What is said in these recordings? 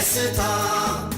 ደስታ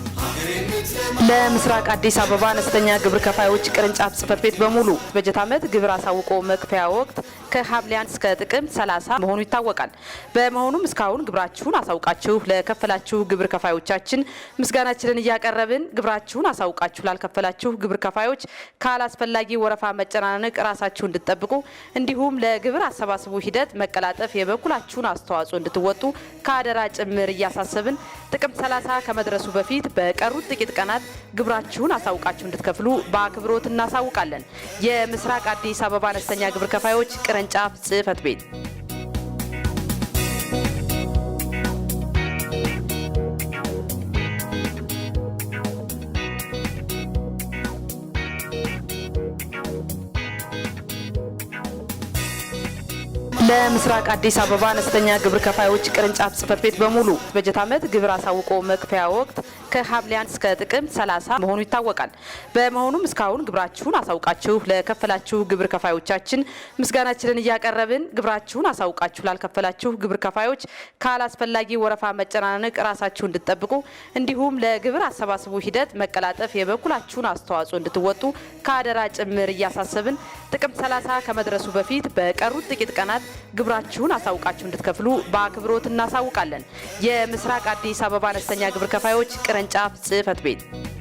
ለምስራቅ አዲስ አበባ አነስተኛ ግብር ከፋዮች ቅርንጫፍ ጽህፈት ቤት በሙሉ በጀት ዓመት ግብር አሳውቆ መክፈያ ወቅት ከሐምሌ አንድ እስከ ጥቅምት 30 መሆኑ ይታወቃል። በመሆኑም እስካሁን ግብራችሁን አሳውቃችሁ ለከፈላችሁ ግብር ከፋዮቻችን ምስጋናችንን እያቀረብን፣ ግብራችሁን አሳውቃችሁ ላልከፈላችሁ ግብር ከፋዮች ካላስፈላጊ ወረፋ መጨናነቅ ራሳችሁ እንድትጠብቁ እንዲሁም ለግብር አሰባስቡ ሂደት መቀላጠፍ የበኩላችሁን አስተዋጽኦ እንድትወጡ ከአደራ ጭምር እያሳሰብን ጥቅምት 30 ከመድረሱ በፊት በቀሩት ጥቂት ቀናት ግብራችሁን አሳውቃችሁ እንድትከፍሉ በአክብሮት እናሳውቃለን። የምስራቅ አዲስ አበባ አነስተኛ ግብር ከፋዮች ቅርንጫፍ ጽህፈት ቤት ለምስራቅ አዲስ አበባ አነስተኛ ግብር ከፋዮች ቅርንጫፍ ጽህፈት ቤት በሙሉ በጀት ዓመት ግብር አሳውቆ መክፈያ ወቅት ከሐምሌ አንድ እስከ ጥቅምት 30 መሆኑ ይታወቃል። በመሆኑም እስካሁን ግብራችሁን አሳውቃችሁ ለከፈላችሁ ግብር ከፋዮቻችን ምስጋናችንን እያቀረብን፣ ግብራችሁን አሳውቃችሁ ላልከፈላችሁ ግብር ከፋዮች ካላስፈላጊ ወረፋ መጨናነቅ ራሳችሁ እንድትጠብቁ እንዲሁም ለግብር አሰባስቡ ሂደት መቀላጠፍ የበኩላችሁን አስተዋጽኦ እንድትወጡ ከአደራ ጭምር እያሳሰብን ጥቅምት 30 ከመድረሱ በፊት በቀሩት ጥቂት ቀናት ግብራችሁን አሳውቃችሁ እንድትከፍሉ በአክብሮት እናሳውቃለን። የምስራቅ አዲስ አበባ አነስተኛ ግብር ከፋዮች ቅርንጫፍ ጽህፈት ቤት